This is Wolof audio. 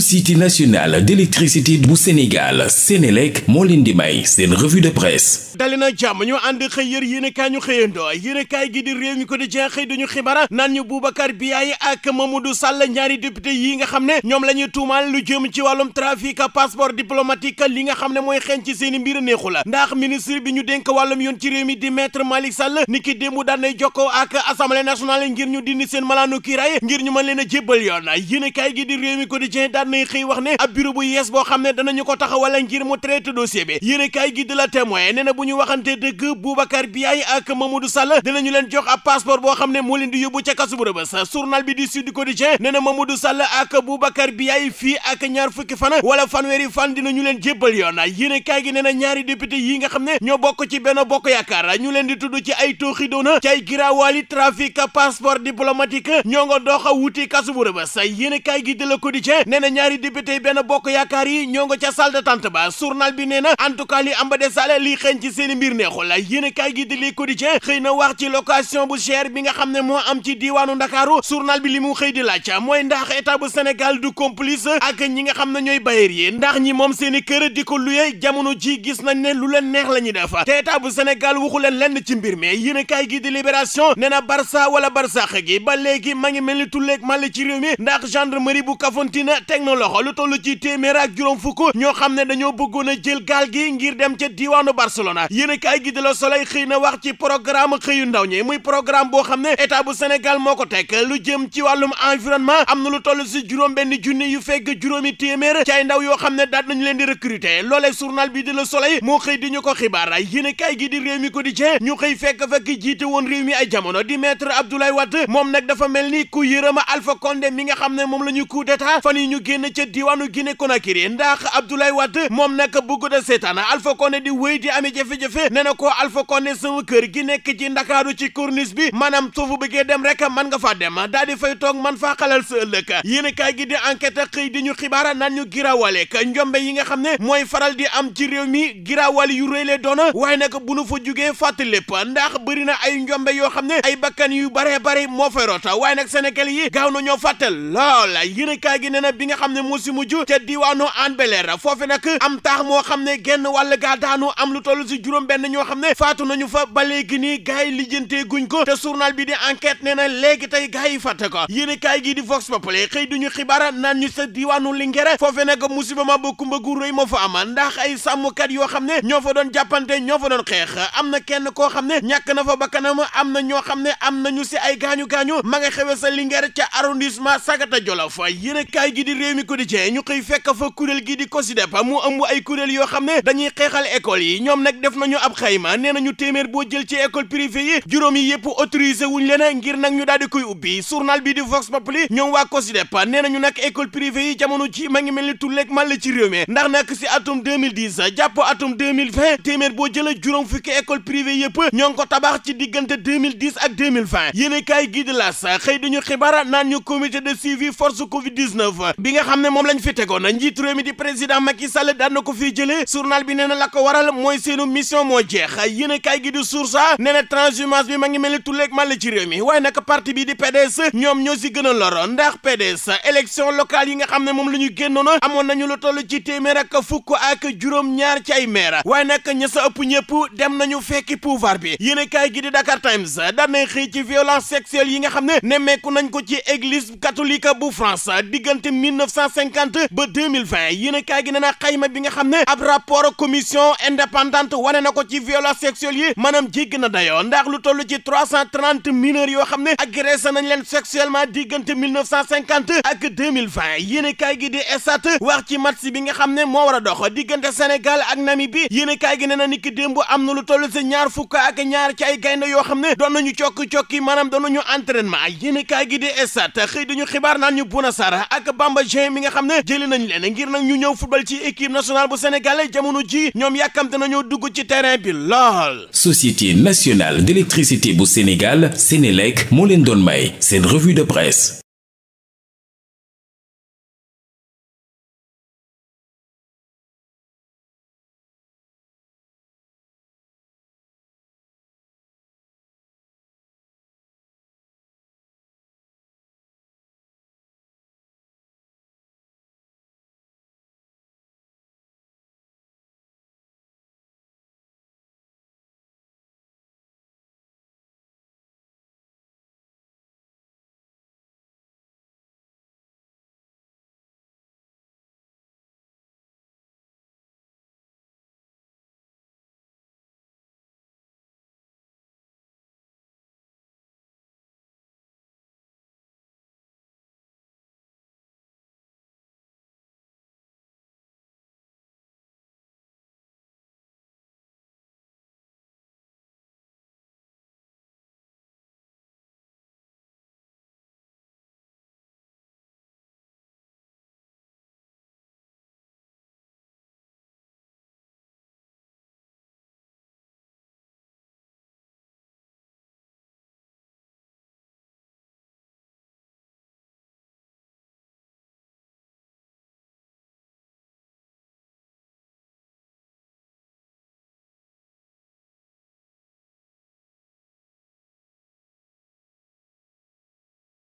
société nationale d'électricité bu Sénégal Sénélec moo leen di may seen revue de presse dali na jàmm ñu ànd xëy yër yéenekaay ñu xëyandoo yéenekaay gi di réew mi ko xëy dañu xibara naan ñu Boubacar Biaye ak Mamadou Sall ñaari député yi nga xam ne ñoom la ñuy tuumaal lu jëm ci wàllum trafic passeport diplomatique li nga xam ne mooy xeeñ ci seen mbir neexu la ndax ministre bi ñu dénk wàllum yoon ci réew mi di maître Malick Sall ni ki démb daan nay jokkoo ak assemblée nationale ngir ñu dindi seen malaanu a jébbal gi di réew mi daat nay xëy wax ne ak bureau bu yees boo xam ne danañu ko taxawala ngir mu traité dossier bi yéen kaay gi di la témoin nee na bu ñu waxante dëgg bi Biaye ak Mamadou Sall dinañu leen jox ab passeport boo xam ne moo leen di yóbbu ca kasu bu Rebeuss journal bi di Sud Quotidien nee na Mamadou Sall ak bi Biaye fii ak ñaar fukki fan wala fanweeri fan dinañu leen jébbal yoon yéen kaay gi nee na ñaari député yi nga xam ne ñoo bokk ci benn bokk yaakaar ñu leen di tudd ci ay tooxi doona ci ay giraawaali trafic passeport diplomatique ñoo nga dox wuti kasu bu Rebeuss yéen kaay gi di la Quotidien na ñaari député benn bokk yaakaar yi ñoo nga ca salle d'attente ba journal bi nee na en tout cas li am ba desale lii xeeñ ci seen mbir neexul yéen a kaay gi di Le Quotidien xëy na wax ci location bu cher bi nga xam ne moo am ci diiwaanu Ndakaaru journal bi li mu xëy di laaj mooy ndax état bu senegal du complice ak ñi nga xam ne ñooy bayeer yi ndax ñi moom seen i kër di ko luye jamono ji gis nañ ne lu leen neex la ñuy def te état bu senegal waxu leen lenn ci mbir mi yéen a kaay gi di Libération nee na Barça wala Barsax gi ba léegi ma ngi mel ni tulleeg màll ci réew mi ndax gendarmerie bu Kafountine teg na loxo lu toll ci téeméer ak juróom fukk ñoo xam ne dañoo bëggoon a jël gaal gi ngir dem ca diiwaanu Barcelona yéen kaay gi de la Soleil xëy na wax ci programme xëyu ndaw ñi muy programme boo xam ne état bu Sénégal moo ko teg lu jëm ci wàllum environnement am na lu toll si juróom benn junni yu fekk juróomi téeméer ci ay ndaw yoo xam ne daat nañu leen di recruter loolee journal bi de la Soleil moo xëy di ñu ko xibaar yéen kaay gi di réew mi quotidien ñu xëy fekk fekk jiite woon réew mi ay jamono di maître Abdoulaye Wade moom nag dafa mel ni ku yërëma Alpha Condé mi nga xam ne moom la ñu coup génn ca diwaanu Guinée Conakry ndax Abdoulaye Wade moom nag bëgg da seetaan Alpha Condé di wéy di amee jafe-jafe nee na ko Alpha Condé sama kër gi nekk ci Ndakaaru ci corniche bi maanaam soo fa bëggee dem rek man nga faa dem daal di fay toog man faa xalal sa ëllëg yéen kaay gi di enquête xëy di ñu xibaara naan ñu girawale a njombe yi nga xam ne mooy faral di am ci réew mi giraawal yu rëy le doona waaye nag bu nu fa jugee fàttali lépp ndax bëri na ay njombe yoo xam ne ay bakkan yu baree bare moo fay rota waaye nag Sénégal yi nga xam ne moo si mujj ca diwaanu Hann Bel-Air foofe nag am taax moo xam ne genn wàll gaa daanu am lu toll si juróom benn ñoo xam ne faatu nañu fa ba léegi nii gars yi lijjantee guñ ko te bi di enquête nee na léegi tey gars yi fàtte ko kaay gii di Vox Populi xëy duñu xibaar naan ñu sa diwaanu Linguère foofe nag musiba ma ba kumba gu rëy moo fa am ndax ay sàmmukat yoo xam ne ñoo fa doon jàppante ñoo fa doon xeex am na kenn koo xam ne ñàkk na fa kanam am na ñoo xam ne am nañu si ay gaañu gaañu mag nga xewe sa Linguère ca arrondissement Sagata Jolof yéene kaay gi di réew mi quotidien ñu xëy fekk kuréel gi di COSYDEP mu ëmb yoo xam ne dañuy xeexal école yi ñoom nag def nañu ab xayma nee nañu téeméer boo jël ci école privée yi juróom yi yëpp autorisé wuñ leen ngir nag ñu daal di koy ubbi journal bi di Vox Populi ñoom waa COSYDEP nee nañu nag école privée yi jamono ji ma ngi mel ni tulleeg màll ci réew mi ndax nag si atum 2010 jàpp atum 2020 téeméer boo jël juróom fukki école privée yëpp ñoo ngi ko tabax ci diggante 2010 ak 2020 yéen a kaay gii di L'As xëy duñu xibaar naan ñu comité de suivi force covid nga xam ne moom lañ fi tegoon njiitu réew mi di président Macky Sall daan na ko fii jëlee journal bi nee na la ko waral mooy seenu mission moo jeex yéen a kaay gi di source nee na transhumance bi ma ngi mel ni tulleeg màlle ci réew mi waaye nag parti bi di PDS ñoom ñoo si gën a loro ndax PDS élection locale yi nga xam ne moom la ñu génnoon amoon nañu lu toll ci téeméer ak fukk ak juróom-ñaar ci ay maire waaye nag ña sa ëpp ñëpp dem nañu fekki pouvoir bi yéen a gi di Dakar Times daan na xëy ci violence sexuelle yi nga xam ne nemmeeku nañ ko ci église catholique bu France diggante 1950 ba 2020 yéen a kaay gi nee na xayma bi nga xam ne ab rapport commission indépendante wane na ko ci violence sexuelle yi maanaam jégg na dayoo ndax lu toll ci 330 mineurs yoo xam ne agressé nañ leen sexuellement diggante 1950 ak 2020 yéen a kaay gi di esat wax ci match bi nga xam ne moo war a dox diggante Sénégal ak Namibie yéen a kaay gi nee na ni ki démb am na lu toll ci ñaar fukk ak ñaar ci ay gaynde yoo xam ne doon nañu cokki-cokki maanaam doon nañu entraînement yéen a kaay gi di esat xëy dañu xibaar naan ñu Bouna Sarr ak Dieng mi nga xam ne jëli nañ leen ngir nag ñu ñëw football ci équipe nationale bu Sénégal jamono ji ñoom yàkkamte nañoo dugg ci terrain bi lool. Société nationale d'électricité bu Sénégal Sénélec moo leen doon may seen revue de presse.